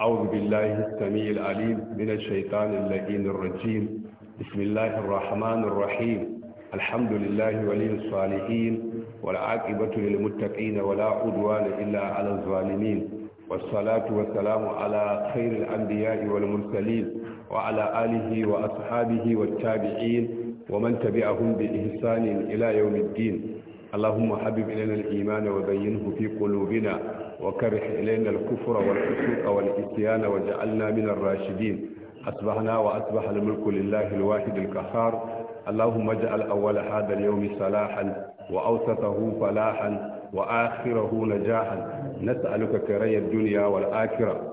أعوذ بالله السميع العليم من الشيطان اللعين الرجيم بسم الله الرحمن الرحيم الحمد لله ولي الصالحين والعاقبة للمتقين ولا عدوان إلا على الظالمين والصلاة والسلام على خير الأنبياء والمرسلين وعلى آله وأصحابه والتابعين ومن تبعهم بإحسان إلى يوم الدين اللهم حبب إلينا الإيمان وبينه في قلوبنا وكره إلينا الكفر والفسوق والإتيان وجعلنا من الراشدين أصبحنا وأصبح الملك لله الواحد القهار اللهم اجعل أول هذا اليوم صلاحا وأوسطه فلاحا وآخره نجاحا نسألك كري الدنيا والآخرة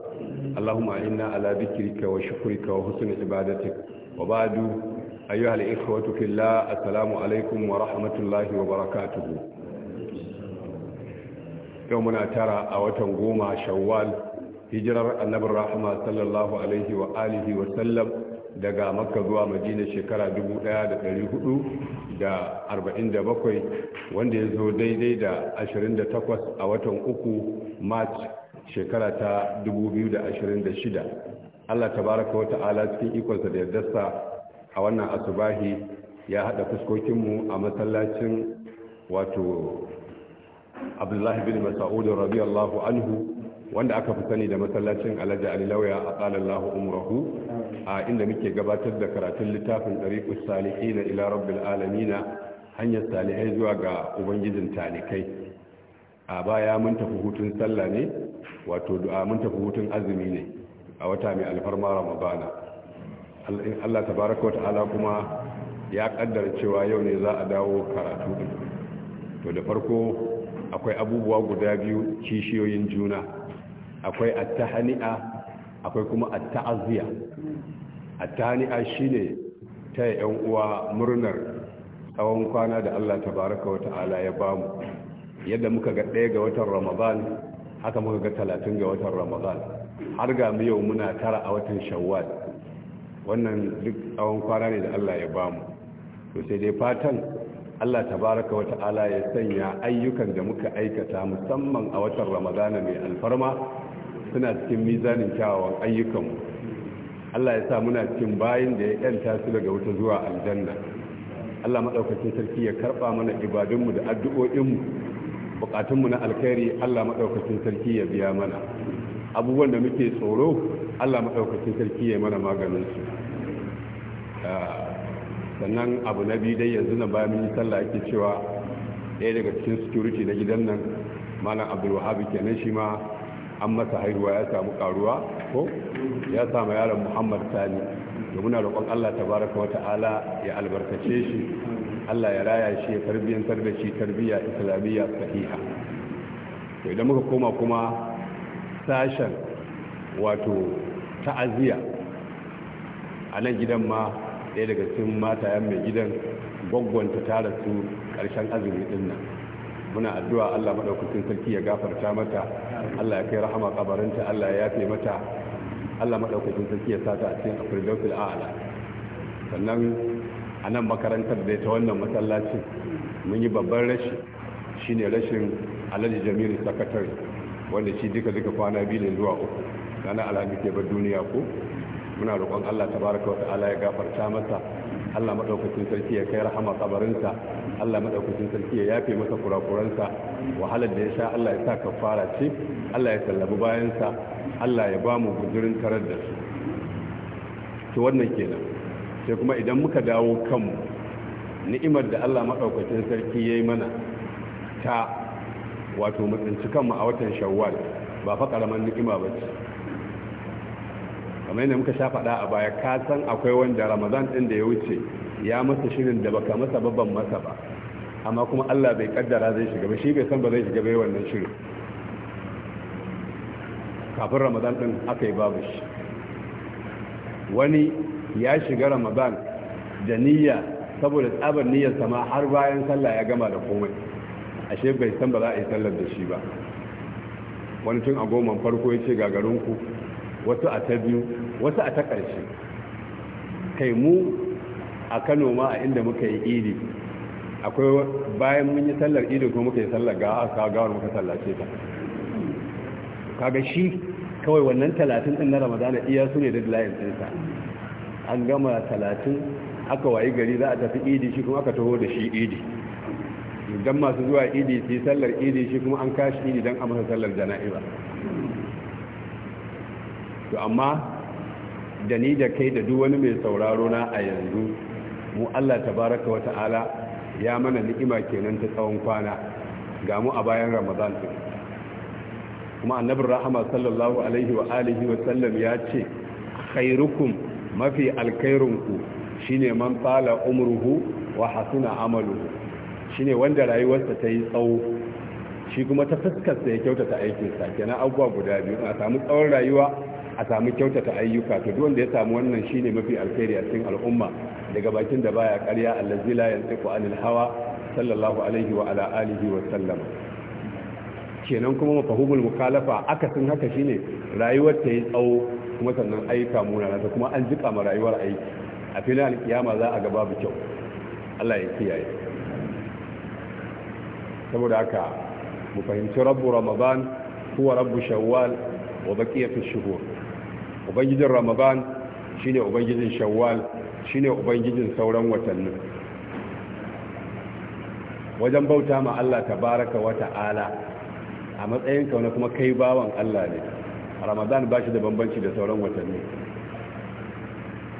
اللهم أعنا على ذكرك وشكرك وحسن عبادتك وبعد Ayyuhal أيها الإخوة في wa rahmatullahi wa ورحمة الله muna tara a watan goma shawwal, hijirar annabin rahama sallallahu alaihi wa alihi wa sallam daga makka zuwa madina shekara 1447 wanda ya zo daidai da 28 a watan uku march shekara ta 2026 allah tabaraka wa ta'ala cikin ikonsa da yardarsa a wannan asubahi ya haɗa fuskokinmu a masallacin wato abdullahi bin masa'udin radiyallahu anhu wanda aka fi sani da masallacin alhaji ali lauya a tsalallahu umrahu a inda muke gabatar da karatun littafin ɗariƙus salihina ila rabbil alamina hanyar salihai zuwa ga ubangijin talikai a baya mun tafi hutun sallah ne wato mun tafi hutun azumi ne a wata mai alfarma ramadana Allah tabaraka wata'ala kuma ya kaddara cewa yau ne za a dawo karatu din to da farko akwai abubuwa guda biyu kishiyoyin juna akwai attahani'a akwai kuma atta'aziyya attahani'a shine ta yan uwa murnar tsawon kwana da Allah tabaraka wata'ala ya bamu yadda muka ga ɗaya ga watan Ramadan haka muka ga talatin ga watan Ramadan har ga mu yau muna tara a watan Shawwal wannan duk tsawon kwana ne da Allah ya bamu to sai dai fatan Allah tabaraka wa ta'ala ya sanya ayyukan da muka aikata musamman a watan Ramadana mai alfarma suna cikin mizanin kyawawan ayyukanmu Allah ya sa muna cikin bayin da ya yanta su daga wuta zuwa aljanna Allah madaukakin sarki ya karba mana ibadunmu da addu'o'inmu bukatunmu na alkhairi Allah madaukakin sarki ya biya mana abubuwan da muke tsoro allah maɗaukacin sarki ya mana maganin su ah, sannan abu na biyu dai yanzu na bayan mun yi sallah ake cewa ɗaya daga cikin security na gidan nan malam abdulwahabi kenan shi ma an masa haihuwa ya samu karuwa ko ya samu yaron muhammad sani da muna roƙon allah tabaraka wa ta'ala ya albarkace shi allah ya raya shi ya tarbiyyantar da shi tarbiyya islamiyya sahiha to idan muka koma kuma sashen wato ta'aziyya a nan gidan ma ɗaya daga cikin yan mai gidan gwaggwanta ta rasu ƙarshen azumi ɗin nan muna addu'a Allah maɗaukakin sarki ya gafarta mata Allah ya kai rahama kabarinta Allah ya yafe mata Allah maɗaukakin sarki ya sata a cikin afirdausul a'ala sannan a nan makarantar da ta wannan masallacin mun yi babban rashi shine rashin alhaji jamilu sakatare wanda shi duka duka kwana biyu ne zuwa uku ranar alhamis ke bar duniya ko muna roƙon Allah tabaraka wa ta'ala ya gafarta masa Allah madaukakin sarki ya kai rahama kabarinsa Allah madaukakin sarki ya yafe masa kurakuransa wahalar da ya sha Allah ya sa fara ce Allah ya sallabi bayansa Allah ya bamu gudurin tarar da su to wannan kenan sai kuma idan muka dawo kanmu ni'imar da Allah maɗaukacin sarki yayi mana ta wato mu tsinci kanmu a watan shawwal ba fa karaman ni'ima ba ce kamar yadda muka sha faɗa a baya ka san akwai wanda ramadan ɗin da ya wuce ya masa shirin da baka masa babban masa ba amma kuma allah bai kaddara zai shiga ba shi bai san ba zai shiga bai wannan shirin kafin ramadan ɗin aka yi babu shi wani ya shiga ramadan da niyya saboda tsabar niyyar sama har bayan sallah ya gama da komai ashe bai san ba za a yi sallar da shi ba wani tun a goma farko ya ce gagarinku wasu a ta biyu wasu a ta ƙarshe kai mu a kano ma a inda muka yi idi akwai bayan mun yi sallar idi kuma muka yi sallar ga a gawar muka sallace ta kaga shi kawai wannan talatin din na ramadana iya su ne da layin ɗinsa an gama talatin aka wayi gari za a tafi idi shi kuma aka taho da shi idi idan masu zuwa idi su sallar idi shi kuma an kashi idi dan a masa sallar jana'iba to amma da ni da kai da duk wani mai sauraro na a yanzu mu Allah tabaraka wa ta'ala ya mana ni'ima kenan ta tsawon kwana ga mu a bayan ramadan din kuma Annabi rahama sallallahu alaihi wa alihi wa sallam ya ce khairukum mafi alkhairunku shine man tsala umruhu wa hasuna amaluhu shine wanda rayuwarsa ta yi tsawo shi kuma ta fuskarsa ya kyautata aikinsa kenan abubuwa guda biyu a samu tsawon rayuwa a samu kyautata ayyuka to duk wanda ya samu wannan shine mafi alkhairi a cikin al'umma daga bakin da baya karya allazi la yantiqu anil hawa sallallahu alaihi wa ala alihi wa sallam kenan kuma mafahumul mukhalafa akasin haka shine rayuwar ta yi tsawo kuma sannan ayyuka munana ta kuma an jika ma rayuwar aiki a filin alkiyama za a ga babu kyau Allah ya kiyaye saboda haka mu fahimci rabbu ramadan huwa rabbu shawwal wa baqiyatu shuhur ubangijin ramadan shine ubangijin shawwal shine ubangijin sauran watanni. wajen bauta ma Allah tabaaraka wa ta'ala a matsayin kauna kuma kai bawan Allah ne ramadan bashi da bambanci da sauran watanni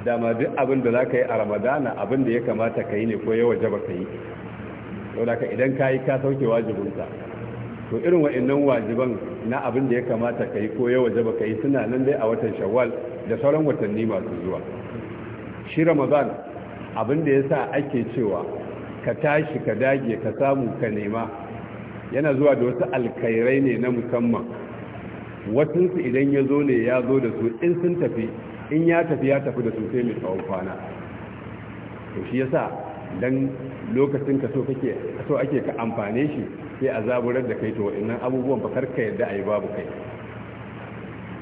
dama duk abin da za ka yi a ramadana abin da ya kamata ka yi ne ko yawa jaba ka yi saboda idan ka yi ka sauke wajibinka to irin wa'annan wajiban na abin da ya kamata ka yi ko ya waje ka yi suna nan dai a watan shawwal da sauran watanni masu zuwa shi ramadan abin da ya sa ake cewa ka tashi ka dage ka samu ka nema yana zuwa da wasu alkairai ne na musamman watansu idan ya zo ne ya zo da su in sun tafi in ya tafi ya tafi da su sai mai tsawon kwana to shi yasa dan lokacin ka so kake so ake ka amfane shi sai a zaburar da kai to wa'annan abubuwan ba karka yadda a babu kai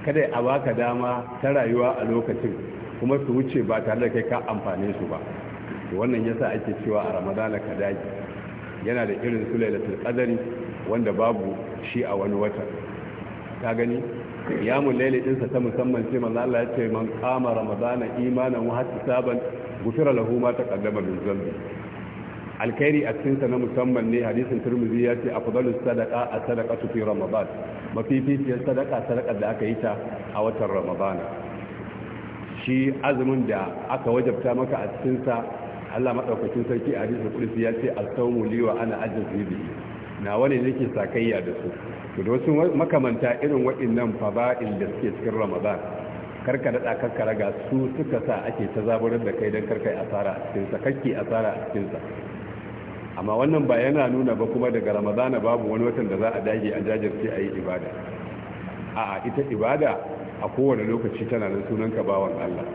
kada a baka dama ta rayuwa a lokacin kuma su wuce ba tare da kai ka amfane su ba wannan yasa ake cewa a ramadana ka daji yana da irin su lailatul qadari wanda babu shi a wani wata ka gani qiyamul Laile din sa ta musamman ce manzo Allah ya ce man qama ramadana imanan wa hisaban gufira lahu ma taqaddama min dhanbi alkhairi a cikin sa na musamman ne hadisin turmizi ya ce afdalus sadaqa as-sadaqatu fi ramadan mafifiyar sadaqa sadaqar da aka yi ta a watan ramadana shi azumin da aka wajabta maka a cikin sa Allah madaukakin sarki a hadisin kursi ya ce as-sawmu li wa ana ajzi bihi nawa ne nake sakayya da su to da wasu makamanta irin waɗannan faba'il da suke cikin ramadan karka daɗa karka raga su suka sa ake ta zaburar da kai don karka yi asara a cikinsa kakki asara a cikinsa amma wannan ba yana nuna ba kuma daga ramadana babu wani watan da za a dage a jajirce a yi ibada a ita ibada a kowane lokaci tana da ka bawan allah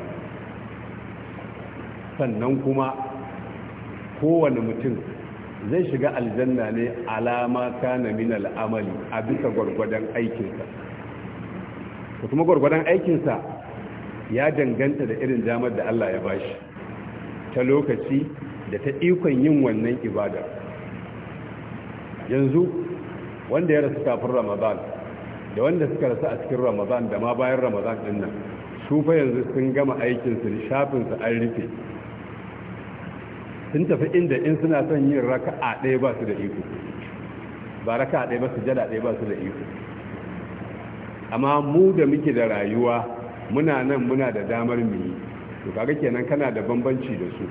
sannan kuma kowane mutum zai shiga aljanna ne alama kana min al'amali a bisa gwargwadon aikinsa ko kuma gwargwadon aikinsa ya danganta da irin damar da Allah ya bashi ta lokaci da ta ikon yin wannan ibada yanzu wanda ya rasu kafin ramadan da wanda suka rasu a cikin ramadan da ma bayan ramadan dinnan, su fa yanzu sun gama aikinsu da shafinsu an rufe sun tafi inda in suna son yin raka a ɗaya ba su da iko ba a ɗaya ba su jada ɗaya ba su da iko amma mu da muke da rayuwa muna nan muna da damar mu yi to kaga kenan kana da bambanci da su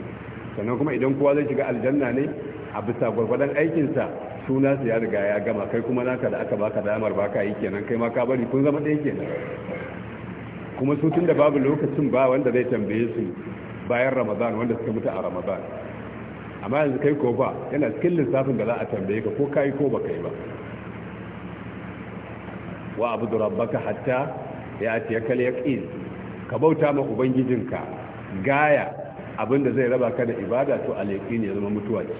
sannan kuma idan kowa zai shiga aljanna ne a bisa gwargwadon aikinsa suna su ya riga ya gama kai kuma naka da aka baka damar baka yi kenan kai ma ka bari kun zama ɗaya kenan kuma su tun da babu lokacin ba wanda zai tambaye su bayan ramadan wanda suka mutu a ramadan amma yanzu kai ko ba yana cikin lissafin da za a tambaye ka ko kai ko ba kai ba wa abu da rabbaka hatta ya ce ya ka bauta ma ubangijinka gaya abinda zai raba ka da ibada to alyaqin ya zama mutuwa ce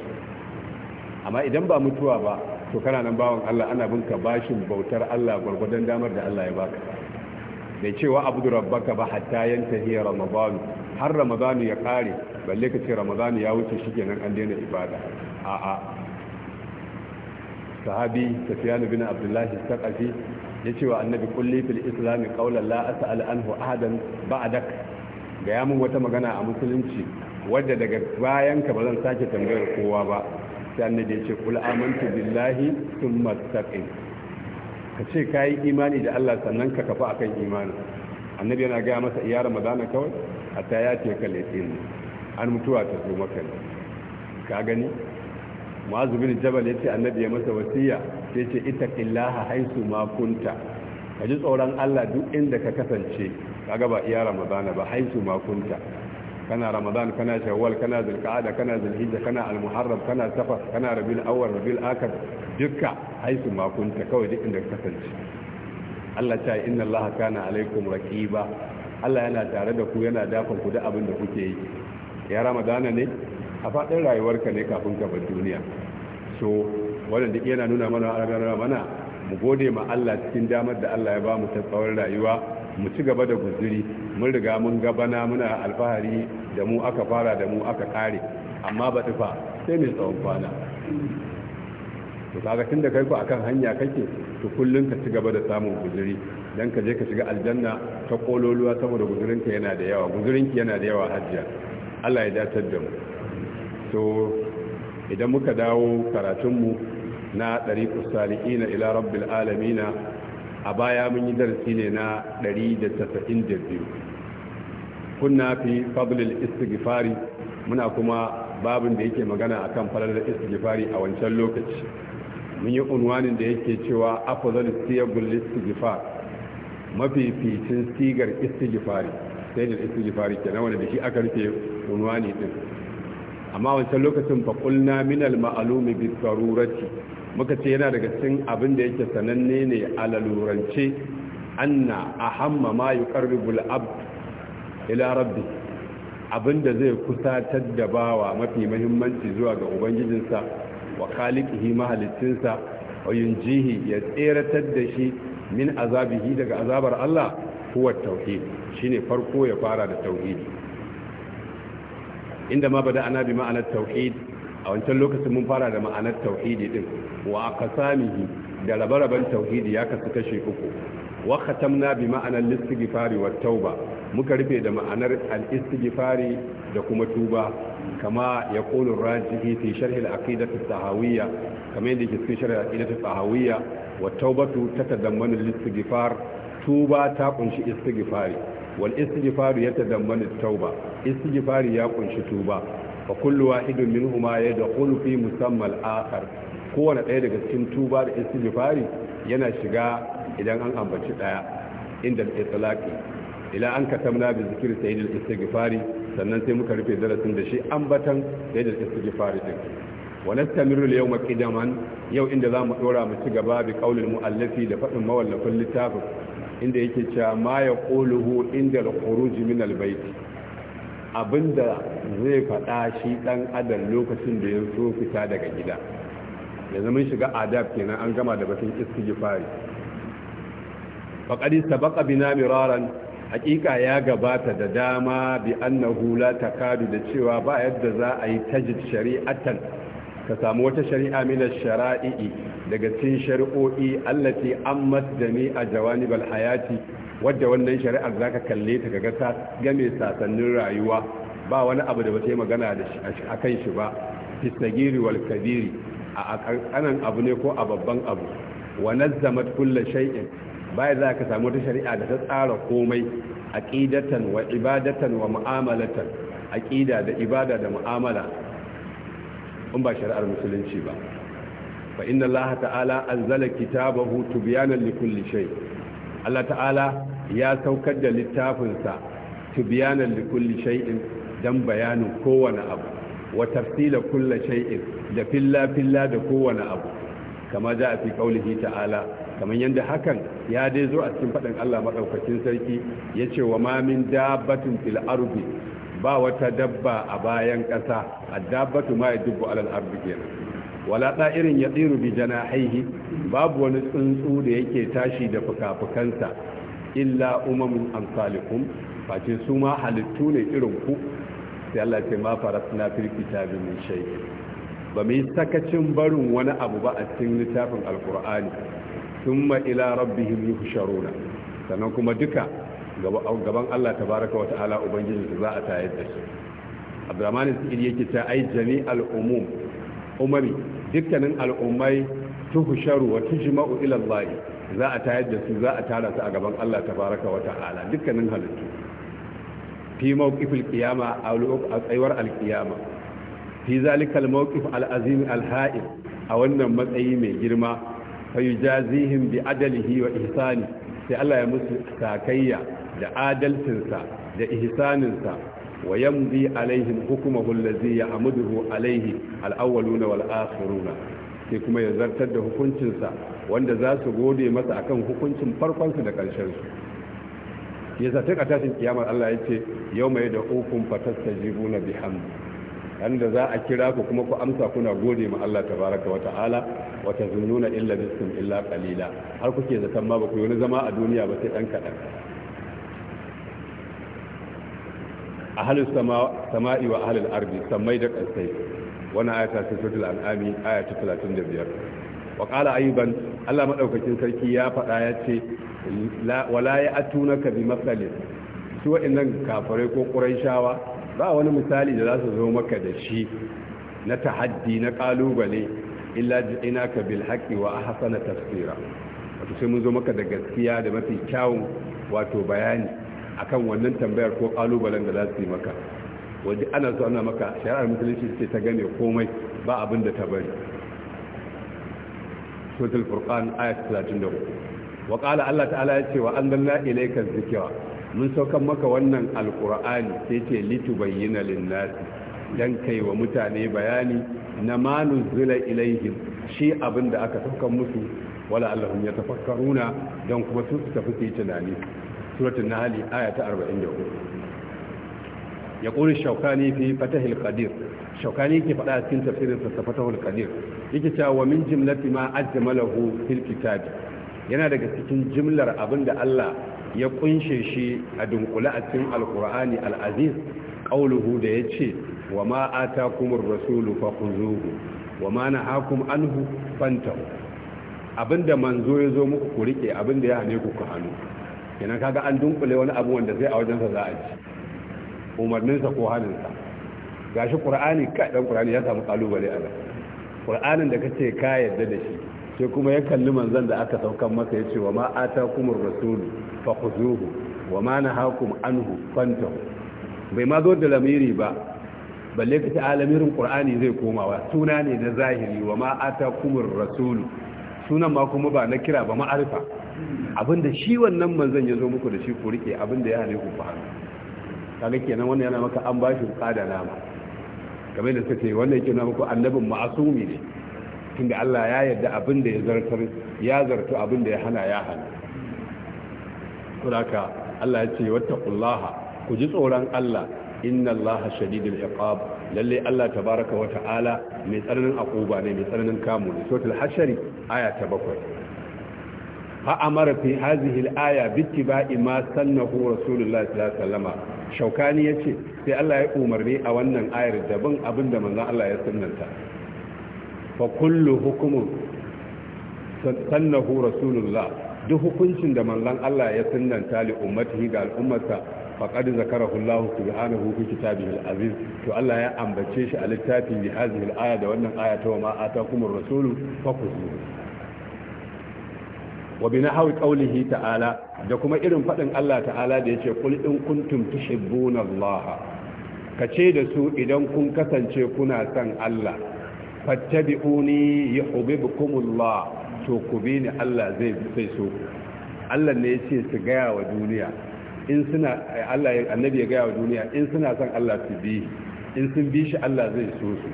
amma idan ba mutuwa ba to kana nan bawon Allah ana bin ka bashin bautar Allah gwargwadon damar da Allah ya baka bai cewa abudu rabbaka ba hatta yantahi ramadan har ramadan ya kare balle ka ce ramadan ya wuce shikenan an daina ibada a a sahabi sufyan bin abdullah al ya ce wa annabi kulli fil islam qawlan la as'al anhu ahadan ba'dak ga ya mun wata magana a musulunci wadda daga bayan ka bazan sake tambayar kowa ba sai annabi ce kul amantu billahi thumma istaqim ka ce ka yi imani da Allah sannan ka kafa akan imani annabi yana gaya masa iya ramadana kawai a ta ya ce ka laifin an mutuwa ta zo maka ne ka gani ma'azu bin jabal ce annabi ya masa wasiya ya ce ita illaha haisu ma ka ji tsoron Allah duk inda ka kasance kaga ba iya ramadana ba haisu ma kunta kana ramadan kana shawwal kana zulqa'ada kana zulhijja kana almuharram kana safar kana rabiul awwal rabiul akhir dukka haisu makunta kawai duk inda ka kasance Allah ta inna Allah kana alaikum raqiba Allah yana tare da ku yana dafan ku da abin da kuke yi ya ramadana ne a faɗin rayuwarka ne kafin ka bar duniya so wannan duk yana nuna mana mana mu gode ma Allah cikin damar da Allah ya ba mu ta tsawon rayuwa mu ci gaba da guzuri mun riga mun gabana muna alfahari da mu aka fara da mu aka kare amma ba tufa sai mai tsawon kwana to kaga tun da kai akan hanya kake to kullun ka ci gaba da samun guzuri dan ka je ka shiga aljanna ta kololuwa saboda guzurinka yana da yawa guzurinki yana da yawa hajjia Allah ya datar da mu to idan muka dawo karatun mu na ɗariƙus sali'ina ila rabbil alamina a baya mun yi darasi ne na 192 kunna fi fablil istighfari muna kuma babin da yake magana akan falalar istighfari a wancan lokaci mun yi unwanin da yake cewa afdal siyagul istighfar mafificin sigar istighfari sai da istighfari kenan wanda da shi aka rufe unwani din amma wancan lokacin fa qulna min al ma'lumi bi darurati muka ce yana daga cikin abin da yake sananne ne a lalurance anna ahamma ma yuqarribu al-abd ila rabbi abinda zai kusatar da bawa mafi muhimmanci zuwa ga ubangijinsa wa khaliqihi mahalicinsa wa yunjihi ya tseratar da shi min azabihi daga azabar Allah huwa tauhid shine farko ya fara da tauhid inda ma bada ana bi ma'anar tauhid a wancan lokacin mun fara da ma'anar tauhidi din wa aka aqsamihi da rabaraban tauhidi ya kasu kashe uku wa khatamna bi ma'anar istighfari wat tauba muka rufe da ma'anar al-istighfari da kuma tuba kama ya qulu rajihi fi sharh al-aqidah as-sahawiyya kama yadda yake cikin sharh al-aqidah as-sahawiyya wat taubatu tatadammanu al-istighfar tuba ta kunshi istighfari wal istighfaru yatadammalu at-tauba istighfari ya kunshi tuba fa kullu wahidun da yadkhulu fi musammal akhar kowane ɗaya daga cikin tuba da istighfari yana shiga idan an ambaci ɗaya inda al-itlaqi ila an katamna bi zikri sayyid al-istighfari sannan sai muka rufe darasin da shi ambatan sayyid al-istighfari din wa nastamiru al-yawma qidaman yau inda zamu ɗora mu ci gaba bi qaulil mu'allafi da faɗin mawallafin littafin inda yake cewa ma yaquluhu inda al-khuruj min al-bayt abinda zai faɗa shi ɗan adam lokacin da ya so fita daga gida yanzu mun shiga adab kenan an gama da batun fari. faqad sabaqa bina miraran hakika ya gabata da dama bi annahu ta takadu da cewa ba yadda za a yi tajid shari'atan ka samu wata shari'a mila shara'i'i daga cin shari'o'i allati ammat a a jawani balhayati wadda wannan shari'ar za ka kalle ta ga ta game sasannin rayuwa ba wani abu da ba ta yi magana a kan shi ba fistagiri wal kabiri a kankanan abu ne ko a babban abu wa nazzamat kulla shay'in baya za ka samu ta shari'a da ta tsara komai a ƙidatan wa ibadatan wa mu'amalatan ƙida da ibada da mu'amala in ba shari'ar musulunci ba fa inna allaha ta'ala anzala kitabahu tubyanan likulli shay Allah ta'ala ya saukar da littafinsa tubyanan likulli shay'in don bayanin kowane abu wa tafsila kulla shay'in da filla filla da kowane abu kama za a fi kaulihi ta'ala kamar yadda hakan ya dai zo a cikin faɗin Allah maɗaukacin sarki ya ce wa ma min dabbatin fil ardi ba wata dabba a bayan ƙasa addabatu ma yadubbu alal ardi kenan wala da'irin tsiru bi janahihi babu wani tsuntsu da yake tashi da fukafukansa illa umamun amsalikum face su ma halittu ne irin ku sai Allah ce ma faratna fil kitabi min shay ba yi sakacin barin wani abu ba a cikin littafin alqur'ani thumma ila rabbihim yuhsharuna sannan kuma duka gaban Allah ubangiji za a tayar da su abdurrahman sa'idi yake ta ai jami'al umum umami dukkanin al'ummai tuhsharu wa tujma'u ila za a tayar da su za a tara su a gaban Allah tabaraka wa dukkanin halittu fi mawqifil qiyama a tsawar alqiyama fi zalikal mawqif alazim alha'il a wannan matsayi mai girma fayujazihim bi adalihi wa ihsani sai Allah ya musu takayya da adalcinsa da ihsaninsa wa yamdi alaihim hukumahu allazi ya'muduhu alaihi alawwaluna wal akhiruna sai kuma ya zartar da hukuncinsa wanda za su gode masa akan hukuncin farkonsu da ƙarshensu yasa tun a tashin kiyama Allah ya ce yau mai da ukun fatasta jibuna bi hamdu da za a kira ku kuma ku amsa kuna gode ma Allah tabaraka wa ta'ala wa tazununa illa bisum illa qalila har kuke zaton ma ba ku yi zama a duniya ba sai dan kadan ahalus sama'i wa al ardi samai da kansai wannan ayata ta suratul an'ami aya ta 35 wa qala ayyuban Allah madaukakin sarki ya faɗa ya ce wala ya ka bi matsalin su waɗannan kafarai ko ƙuraishawa ba wani misali da za su zo maka da shi na tahaddi na ƙalubale illa ina ka bil haƙi wa a hasana tafsira wato sai mun zo maka da gaskiya da mafi kyawun wato bayani akan wannan tambayar ko ƙalubalen da za su yi maka wajen ana zo ana maka shari'ar musulunci ce ta gane komai ba abin da ta bari suratul furqan ayat 34 wa qala Allah ta'ala ya ce wa anzalna ilayka dhikra mun saukan maka wannan Alƙur'ani sai ce litubayyana lin-nasi dan kai wa mutane bayani na ma nuzila ilaihim shi abinda aka saukan musu wala allahum yatafakkaruna dan kuma su tafi su yi tunani suratul nahl aya ta 44 yaqulu shawkani fi fatahil qadir shawkani yake faɗa cikin tafsirin sa fatahul qadir yake cewa wa min jimlati ma ajmalahu fil kitabi yana daga cikin jimlar abin da Allah ya kunshe shi a dunkule a cikin alkur'ani al'aziz ƙauluhu da ya ce wa ma ata kumar rasulu fa kuzuhu wa ma na hakum anhu fantahu abinda manzo ya zo muku ku rike abinda ya hane ku ku hannu yana kaga an dunkule wani abu wanda sai a wajensa za a ji umarninsa ko haninsa gashi qur'ani ka dan qur'ani ya samu kalubale a nan qur'anin da kace ka yarda da shi sai kuma ya kalli manzon da aka saukan masa ya ce wa ma atakumur rasul fa khuzuhu wa ma nahakum anhu fantahu bai ma zo da lamiri ba balle ka ta alamirin qur'ani zai komawa suna ne na zahiri wa ma atakumur rasul sunan ma kuma ba na kira ba ma'arifa abinda shi wannan manzon ya zo muku da shi ku rike abinda ya ne ku fa kaga kenan wannan yana maka an bashi kada nama kamar da suka ce wannan yake na muku annabin ma'asumi ne tun da Allah ya yarda abin ya zartar ya zartu abinda ya hana ya hana kuraka Allah ya ce wattaqullaha ku ji tsoron Allah inna Allaha shadidul iqab lalle Allah tabaaraka wa ta'ala mai tsarin aquba ne mai tsarin kamu ne suratul hashr aya ta 7 fa amara fi hadhihi alaya bittiba'i ma sannahu rasulullahi sallallahu alaihi wasallama shaukani yace sai Allah ya umarni a wannan ayar dabin abinda manzon Allah ya sannanta. fa kullu hukumun sannahu rasulullah duk hukuncin da manzon Allah ya sunnanta tali ummatihi ga al'ummarsa faqad zakarahu Allah subhanahu fi kitabihi al-aziz to Allah ya ambace shi a littafin bi hadhihi al-aya da wannan aya ta ma atakumur rasulu fakuzuhu wa bi nahwi qawlihi ta'ala da kuma irin fadin Allah ta'ala da yace qul in kuntum tuhibbuna Allah kace da su idan kun kasance kuna son Allah fattabi'uni yuhibbukumullah to ku bi ni Allah zai sai so Allah ne yace su gaya wa duniya in suna Allah annabi ya gaya wa duniya in suna son Allah su bi in sun bi shi Allah zai so su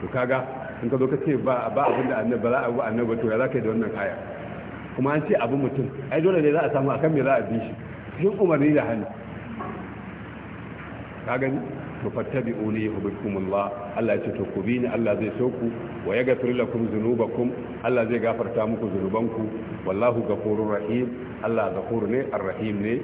to kaga in ka zo ka ce ba ba abin da annabi ba za a bi annabi to ya zaka yi da wannan aya kuma an ce abu mutum ai dole ne za a samu akan me za a bi shi yin umarni da hannu ka gani to fattabi'uni yuhibbukumullah Allah ya ce to ku bi Allah zai so ku wa gafir lakum dhunubakum Allah zai gafarta muku dhunubanku wallahu ghafurur rahim Allah ghafur ne arrahim ne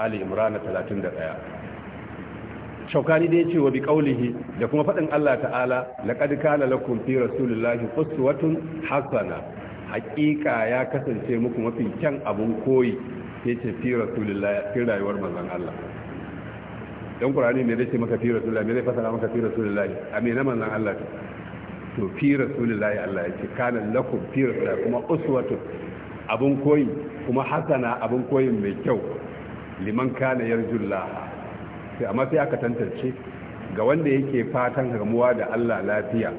Ali Imran 31 shaukani da ya ce wa bi kaulihi da kuma faɗin Allah ta'ala laqad kana lakum fi rasulillahi uswatun hasana haƙiƙa ya kasance muku mafi kyan abun koyi yace fi rasulillahi fi rayuwar manzon Allah Don ƙur'ani me zai ce maka fi rasulullahi me zai fasara maka fi rasulullahi amina manzon Allah to fi rasulullahi Allah ya ce kana lakum fi rasulullahi kuma uswatun abin koyi kuma hasana abin koyi mai kyau liman kana yarjullaha sai amma sai aka tantance ga wanda yake fatan gamuwa da Allah lafiya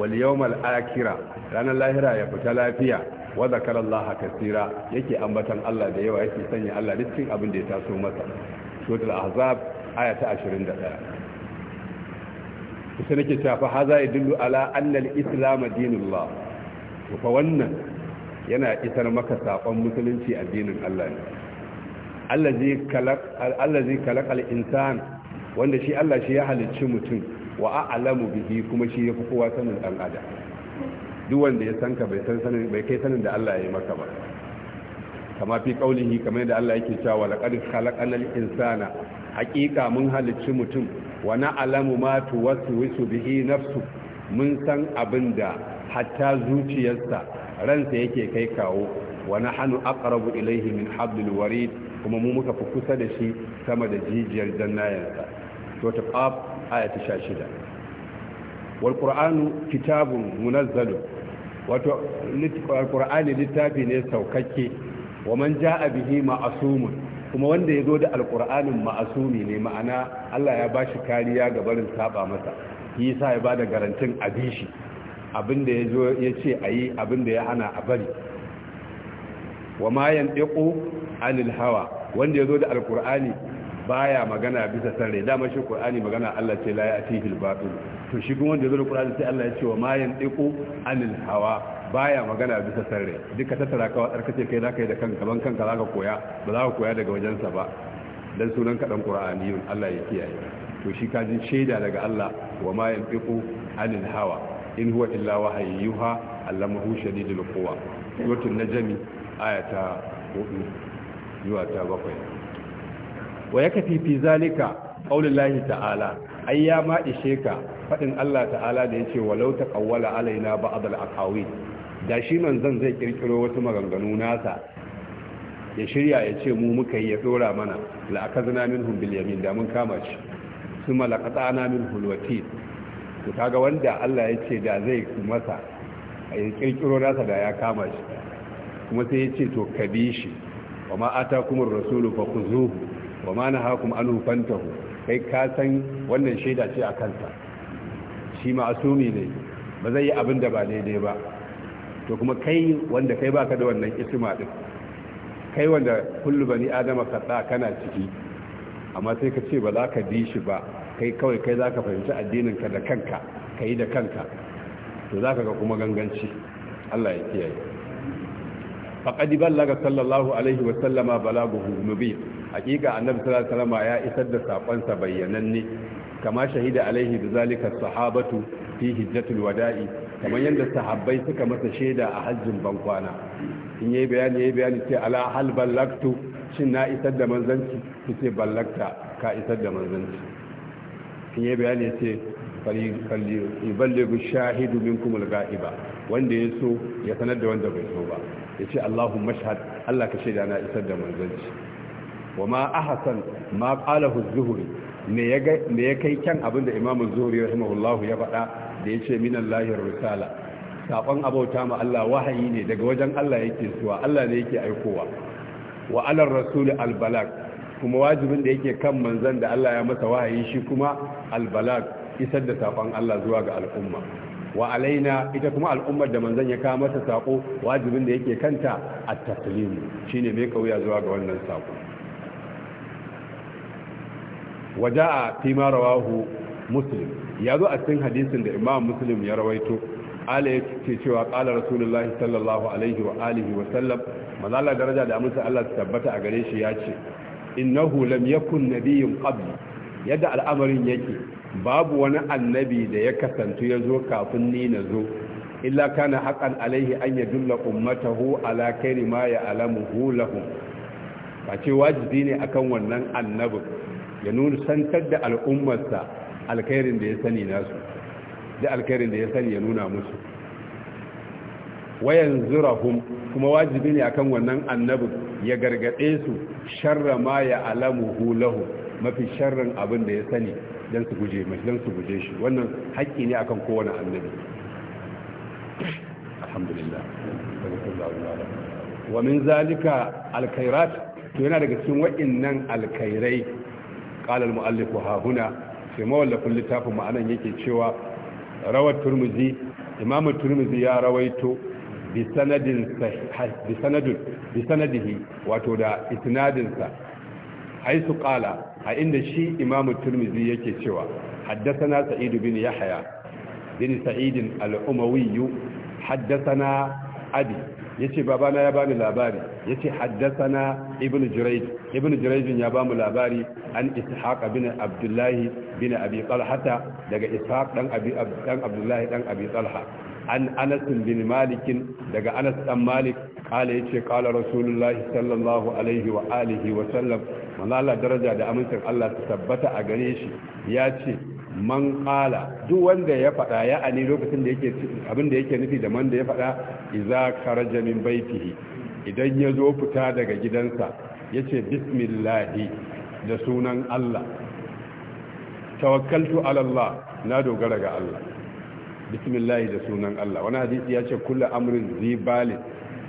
wal yawmal akhirah ranar lahira ya fita lafiya wa zakarallaha kasira yake ambatan Allah da yawa yake sanya Allah dukkan abin da ya taso masa suratul ahzab aya ta 21 kusa nake tafa haza ya dillu ala annal islam dinullah to fa wannan yana isar maka sakon musulunci addinin Allah ne allazi zai allazi kalaqal insan wanda shi Allah shi ya halicci mutum wa a'lamu bihi kuma shi ya fi kowa sanin dan adam duk wanda ya sanka bai san sanin bai kai sanin da Allah ya yi maka ba kama fi kaulihi kamar yadda Allah yake cewa laqad al insana haqiqa mun halicci mutum wa na'lamu ma tuwaswisu bihi nafsu mun san abinda hatta zuciyarsa ransa yake kai kawo wa nahnu aqrabu ilayhi min hablil warid kuma mu muka fi kusa da shi sama da jijiyar jannayansa to ta qaf ayati 16 wal qur'anu kitabun munazzal wato al-qur'ani littafi ne saukakke wa man ja'a bihi ma'asumun kuma wanda ya zo da alƙur'anin ma'asumi ne ma'ana Allah ya bashi kariya ga barin saba masa yi sa ya bada garantin abishi abinda ya zo ya ce a yi abinda ya hana a bari wa ma yanqu anil hawa wanda ya zo da alƙur'ani baya magana bisa san rai dama shi qur'ani magana Allah ce la ya atihil batil to shi kuma wanda ya zo da qur'ani sai Allah ya ce wa ma yanqu anil hawa baya magana bisa sarre duka tattara ka wadar kace kai zaka yi da kanka ban kanka zaka koya ba zaka koya daga wajensa ba dan sunan ka dan qur'ani Allah ya kiyaye to shi ka ji shaida daga Allah wa ma yanfiqu anil hawa in huwa illa wahayyuha allamahu shadidul quwa suratul najmi ayata 4 zuwa ta bakwai wa yakfi fi zalika qaulullahi ta'ala ayyama isheka ka fadin Allah ta'ala da yace walau taqawwala alaina ba'd al-aqawil da shi manzan zai kirkiro wasu maganganu nasa ya shirya ya ce mu muka yi ya tsora mana la'akazna min bil yamin da mun kama shi Su laqatana min hulwati Ku kaga wanda Allah ya ce da zai masa yi kirkiro nasa da ya kama shi kuma sai ya ce to ka bi shi wa ma kuma rasulu zo wa ma nahakum anhu fantahu kai ka san wannan shaida ce a kansa shi ma'asumi ne ba zai yi abin da ba daidai ba to kuma kai wanda kai baka da wannan isma din kai wanda kullu bani adama kada kana ciki amma sai ka ce ba za ka bi shi ba kai kawai kai za ka fahimci addinin ka da kanka ka da kanka to za ka ga kuma ganganci Allah ya kiyaye faqad ballaga sallallahu alaihi wa sallama balaguhu mubin hakika annabi sallallahu alaihi sallama ya isar da sakon sa bayyananne kama shahida alaihi Zalika sahabatu fi hijjatul wada'i kamar yadda sahabbai suka masa shaida a hajjin bankwana in yayi bayani yayi bayani ce ala hal ballaktu shin na isar da manzanci su ce ballakta ka isar da manzanci in yayi bayani ce faliballigu shahidu minkum al-ghaiba wanda ya so ya sanar da wanda bai so ba ya ce allahumma shahad allah ka shaida na isar da manzanci wa ma ahsan ma qalahu az-zuhri me ya kai kyan abinda imamu zuhri rahimahullahu ya faɗa da ya ce minan lahir risala saƙon abauta ma Allah wahayi ne daga wajen Allah yake zuwa Allah ne yake aikowa wa alar rasul albalag kuma wajibin da yake kan manzan da Allah ya masa wahayi shi kuma albalag isar da saƙon Allah zuwa ga al'umma wa alaina ita kuma al'ummar da manzon ya kawo masa saƙo wajibin da yake kanta at-taslimu shine mai kauya zuwa ga wannan saƙo وجاء فيما rawahu muslim ya zo a cikin hadisin da imam muslim ya rawaito ala ya ce cewa kala rasulullahi sallallahu alaihi wa alihi wa sallam mazala daraja da amince Allah ta tabbata a gare shi ya ce innahu lam yakun nabiyyun qabli yadda al'amarin yake babu wani annabi da ya kasantu ya zo kafin ni na zo illa kana haƙan alaihi an ya dulla ummatahu ala kairi ma ya lahum ce wajibi ne akan wannan annabin ya nuna santar da al'ummarsa alkhairin da ya sani nasu da alkhairin da ya sani ya nuna musu wayan zurahum kuma wajibi ne akan wannan annabi ya gargade su sharra ma ya alamuhu lahu mafi sharran abin da ya sani dan su guje mai dan su guje shi wannan haƙƙi ne akan kowane annabi alhamdulillah wa min zalika alkhairat to yana daga cikin wa'annan alkhairai qala almuallif ha huna sai mawallafin littafin ma'anan yake cewa rawar turmuzi imamu turmuzi ya rawaito bi sanadihi wato da isnadinsa haisu kala a inda shi imamu turmuzi yake cewa haddasana sa'idu bin yahya bin sa'idin al-umawi haddathana abi Ya ce babana ya bani labari ya ce haddasana Ibn jurayj Ibn jurayj ya bamu labari an ishaq bin Abdullahi bin abi talha daga ishaq dan abi dan abdullah dan abi talha an anas bin malik daga anas dan malik kala yace kala rasulullah sallallahu alaihi wa alihi wa sallam manala daraja da amincin Allah ta tabbata a gare shi ce. man kala duk wanda ya faɗa ya ne lokacin da yake abin da yake nufi da man da ya faɗa iza kharaja min baitihi idan ya zo fita daga gidansa yace bismillah da sunan Allah tawakkaltu ala Allah na dogara ga Allah bismillah da sunan Allah wani hadisi yace kullu amrin zibalin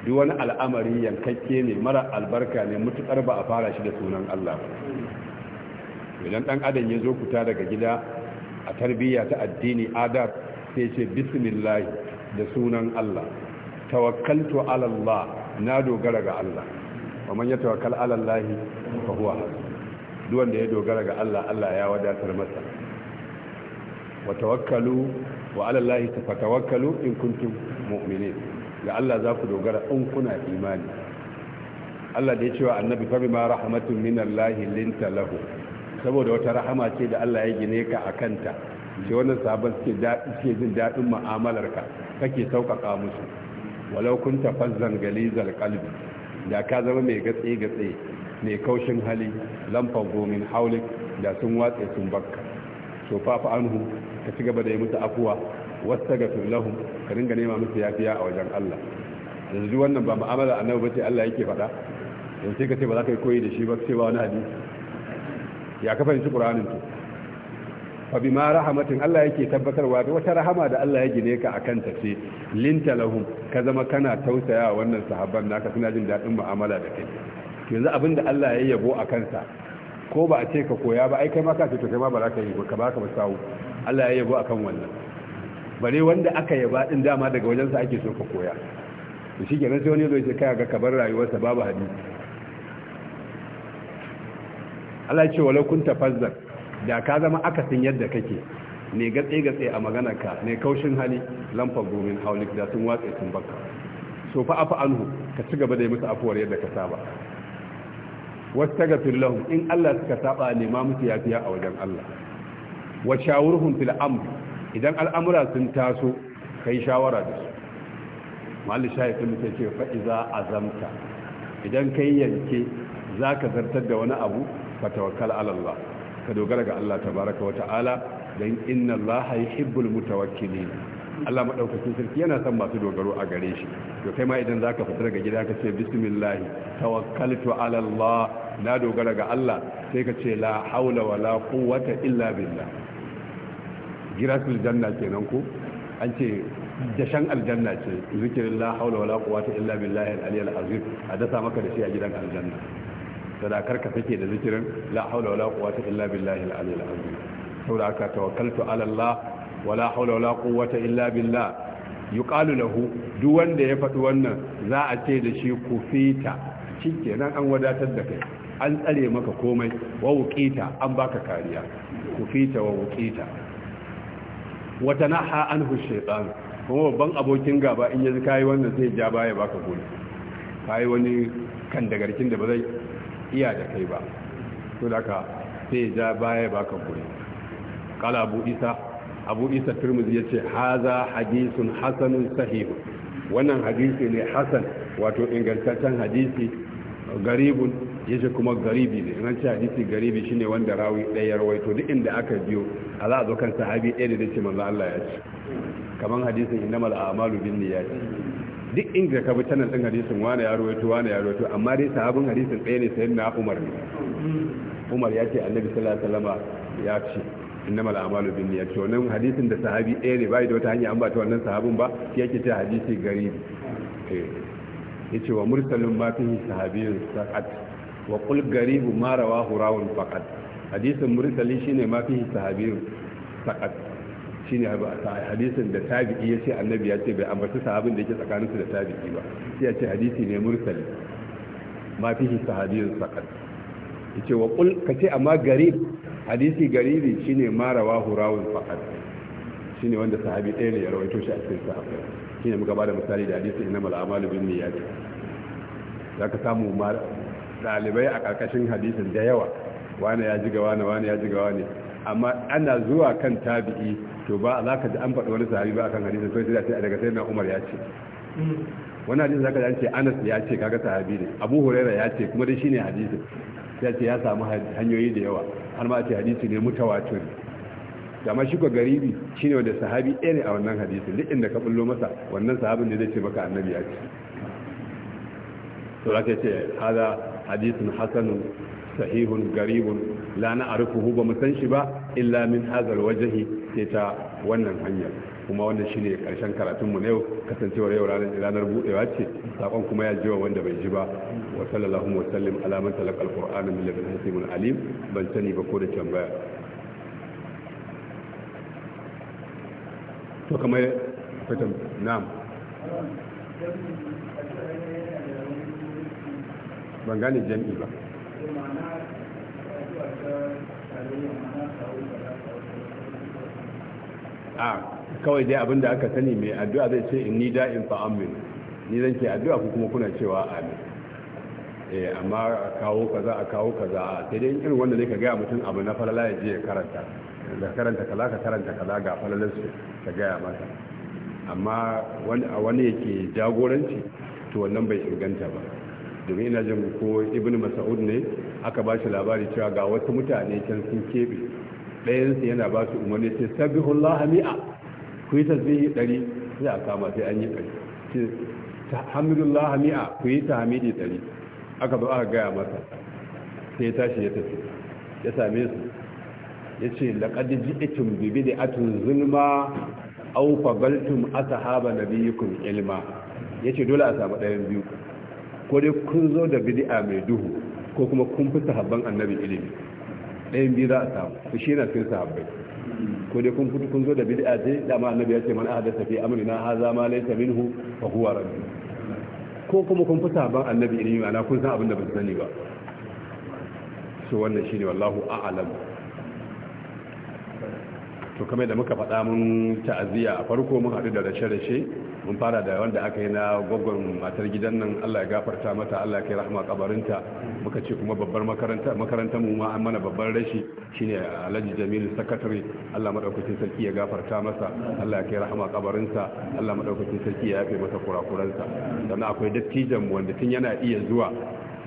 duk wani al'amari yankakke ne mara albarka ne mutukar ba a fara shi da sunan Allah idan dan adam ya zo fita daga gida a tarbiyya ta addini adab sai ce bismillah da sunan Allah tawakkaltu ala Allah na dogara ga Allah man ya tawakkal ala Allah fa huwa duk wanda ya dogara ga Allah Allah ya wadatar masa wa tawakkalu wa ala Allah tawakkalu in kuntum mu'minin ga Allah za ku dogara in kuna imani Allah da ya ce wa annabi fa bima rahmatun min Allah linta lahu saboda wata rahama ce da Allah ya gine ka a kanta ce wannan sabon suke jin daɗin mu'amalarka kake sauƙaƙa musu walau kun tafa zangali kalbi da ka zama mai gatse-gatse mai kaushin hali lamfan gomin haulik da sun watsa sun bakka so fafa anhu ka ci gaba da yi musu afuwa wasta ga lahum ka ringa nema musu yafiya a wajen Allah yanzu wannan ba mu'amala annabi ce Allah yake faɗa yanzu sai ka ce ba za ka yi koyi da shi ba ce ba wani hadisi ya ka fahimci ƙuranin to fa ma rahmatin Allah yake tabbatarwa da wata rahama da Allah ya gine ka akan ta ce linta lahum ka zama kana tausaya wannan sahabban naka suna jin dadin mu'amala da kai yanzu abinda Allah ya yabo a kansa ko ba a ce ka koya ba ai kai ma ka ce to kai ma ba za ka yi ba ka ba ka sawu Allah ya yabo akan wannan bare wanda aka yaba din dama daga wajensa ake so ka koya shi kenan sai wani zai ce kai ga kabar rayuwarsa babu hadisi Allah ce walau kun tafazzar da ka zama akasin yadda kake ne gatse gatse a maganarka ne kaushin hali lamfa gomin haulik da sun watsa sun baka so fa afa anhu ka ci gaba da yi musu afuwar yadda ka saba wastaghfir lahum in Allah suka saba ne ma musu yafiya a wajen Allah wa shawurhum fil amr idan al'amura sun taso kai shawara da su malli shayifin mutum ce fa'iza azamta idan kai yanke zaka zartar da wani abu fatawakkal ala Allah ka dogara ga Allah tabaraka wata'ala dan inna Allah yuhibbul mutawakkilin Allah madaukakin sarki yana son masu dogaro a gare shi to kai ma idan zaka fita daga gida ka ce bismillah tawakkaltu ala Allah na dogara ga Allah sai ka ce la haula wala quwwata illa billah girasul janna kenan ko an ce dashen aljanna ce zikirin la haula wala quwwata illa billahi al-aliyyil azim a dasa maka da shi a gidan aljanna sadakar ka take da zikirin la haula wala quwwata illa billahi al-ali al-azim saboda haka tawakkaltu ala Allah wala haula wala quwwata illa billah yuqalu lahu duk wanda ya faɗi wannan za a ce da shi kufita cike nan an wadatar da kai an tsare maka komai wa wuqita an baka kariya kufita wa wuqita wa tanaha anhu shaytan kuma babban abokin gaba in yanzu kayi wannan zai ja baya baka gole kayi wani kan dagarkin da ba zai iya da kai ba to da ka sai ja baya ba ka guri kala abu isa abu isa turmuzi ya ce haza hadisun hasanun sahihu wannan hadisi ne hasan wato ingantaccen hadisi garibun ya ce kuma garibi ne in ce hadisi garibi shine wanda rawi ɗaya rawaito duk inda aka biyo a za a zo kan sahabi ɗaya da ce manzo Allah ya ce kaman hadisin innamal a'malu bin niyyati duk inda ka bi tanan ɗin hadisin wani ya rawaito wani ya rawaito amma dai sahabin hadisin ɗaya ne na Umar ne Umar ya ce Annabi sallallahu alaihi wasallam ya ce innamal a'malu binniyat to nan hadisin da sahabi ɗaya ne bai da wata hanya an ba ta wannan sahabin ba yake ta hadisi gari eh yace wa mursalun ma fihi sahabiyyun saqat wa qul garibu ma rawahu rawun faqat hadisin mursali shine ma fihi sahabiyyun saqat shine abu a hadisin da tabi'i ya ce annabi ya ce bai ambaci sahabin da yake tsakaninsu da tabi'i ba sai ya ce hadisi ne mursali ma fihi sahabiyun sakat yace wa qul kace amma garib hadisi garibi shine ma rawahu rawun faqat shine wanda sahabi ɗaya ne ya rawaito shi a cikin sahabbai shine muka bada misali da hadisi innamal a'malu Za zaka samu dalibai a karkashin hadisin da yawa wani ya ji ga wani wani ya ji ga wani amma ana zuwa kan tabi'i to ba za ka ji an faɗi wani sahabi ba akan hadisun sai sai a daga sayyidina Umar ya ce wani hadisin zaka ji an ce Anas ya ce kaga sahabi ne Abu Hurairah ya ce kuma dai shine hadisin sai ce ya samu hanyoyi da yawa har ma ce hadisi ne mutawatir dama shi ko garibi shine wanda sahabi ɗaya ne a wannan hadisin duk inda ka bullo masa wannan sahabin ne zai ce maka annabi ya ce to zaka ce hada hadisin hasanun sahihun garibun la na arifuhu ba mu san shi ba illa min hazal wajahi sai ta wannan hanyar kuma wannan shine karshen karatun mu yau kasancewar yau ranar ranar budewa ce sakon kuma ya jiwa wanda bai ji ba wa sallallahu wa sallim ala man talaqal qur'ana min ladun hakimin alim ban sani ba ko da tambaya to kamar fitan na'am ban gane jami'i ba a kawai dai abinda aka sani mai addu'a zai ce in ni da'in fa amin ni zan ke addu'a ku kuma kuna cewa amin eh amma a kawo kaza a kawo kaza sai dai irin wanda ne ka gaya mutum abu na falala ya je ya karanta da karanta kaza ka karanta kaza ga falalarsu ka gaya mata amma wani yake jagoranci to wannan bai inganta ba domin ina jin ko ibn mas'ud ne aka ba shi labari cewa ga wasu mutane can sun kebe ɗayansu yana ba su umarni sai sabihullah mi'a ku yi tasbihi ɗari sai a kama sai an yi ɗari hamdulillah mi'a ku yi tahmidi ɗari aka ba aka gaya masa sai ya tashi ya tafi ya same su ya ce laƙad ji'tum bi bid'atin zulma aw fadaltum ashaba nabiyyikum ilma yace dole a samu ɗayan biyu ko dai kun zo da bid'a mai duhu ko kuma kun fi sahabban annabi ilimi ɗayan biyu za a samu ku shi na cikin sahabbai ko dai kun fito kun zo da bid'a ce da ma annabi ya ce man ahdatha fi na haza ma laysa minhu fa huwa radd ko kuma kun fi sahabban annabi ilimi ana kun san abin da ba sani ba so wannan shine wallahu a'lam to kamar da muka faɗa mun ta'aziyya a farko mun haɗu da rashe-rashe mun fara da wanda aka yi na gwaggon matar gidan nan Allah ya gafarta mata Allah ya kai rahama kabarinta muka ce kuma babbar makaranta makarantar mu ma an mana babbar rashi shine Alhaji Jamilu sakatare Allah madaukakin sarki ya gafarta masa Allah ya kai rahama kabarinsa Allah madaukakin sarki ya yafe masa kurakuransa sannan akwai dattijan wanda tun yana iya zuwa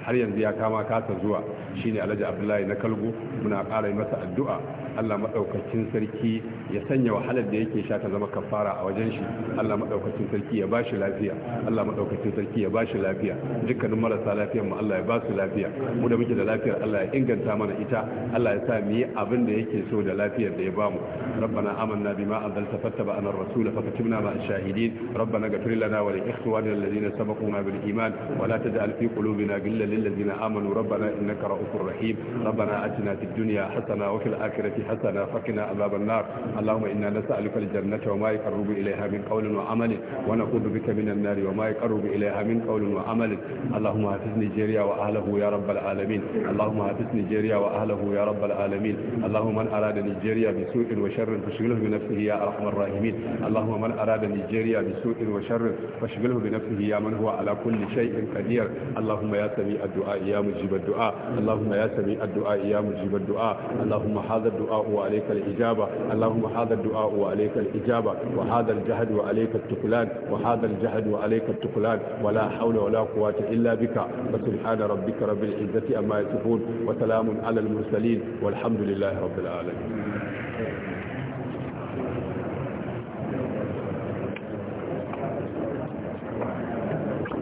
har yanzu ya kama kasa zuwa shine alhaji abdullahi na kalgo muna ƙara masa addu'a allah maɗaukacin sarki ya sanya wahalar da yake sha ta zama kafara a wajen shi allah maɗaukacin sarki ya ba shi lafiya allah maɗaukacin sarki ya ba shi lafiya dukkanin marasa lafiyar mu allah ya ba su lafiya mu da muke da lafiyar allah ya inganta mana ita allah ya sa mu yi abin da yake so da lafiyar da ya ba mu rabbana amanna bima anzalta fattaba ana rasula fakatibna ma shahidin rabbana ghfir lana wa li ikhwanina alladhina sabaquna bil iman wa la taj'al fi qulubina ghillan للذين آمنوا ربنا إنك رؤوف رحيم ربنا أتنا في الدنيا حسنة وفي الآخرة حسنة فقنا عذاب النار اللهم إنا نسألك الجنة وما يقرب إليها من قول وعمل ونعوذ بك من النار وما يقرب إليها من قول وعمل اللهم حفظ نيجيريا وأهله يا رب العالمين اللهم حفظ نيجيريا وأهله يا رب العالمين اللهم من أراد نيجيريا بسوء وشر فاشغله بنفسه يا أرحم الراحمين اللهم من أراد نيجيريا بسوء وشر فاشغله بنفسه يا من هو على كل شيء قدير اللهم يا سميع addu'a ya ya sami addu'a ya mujibar du'a allahuma haza du'a wa alayka al-ijaba Allahumma hadha du'a wa alayka al-ijaba wa hadha al-jahd wa alayka at-tuklan wa hadha al-jahd illa bika wa subhana rabbika rabbil izzati amma yasifun wa salamun ala al-mursalin walhamdulillahi rabbil alamin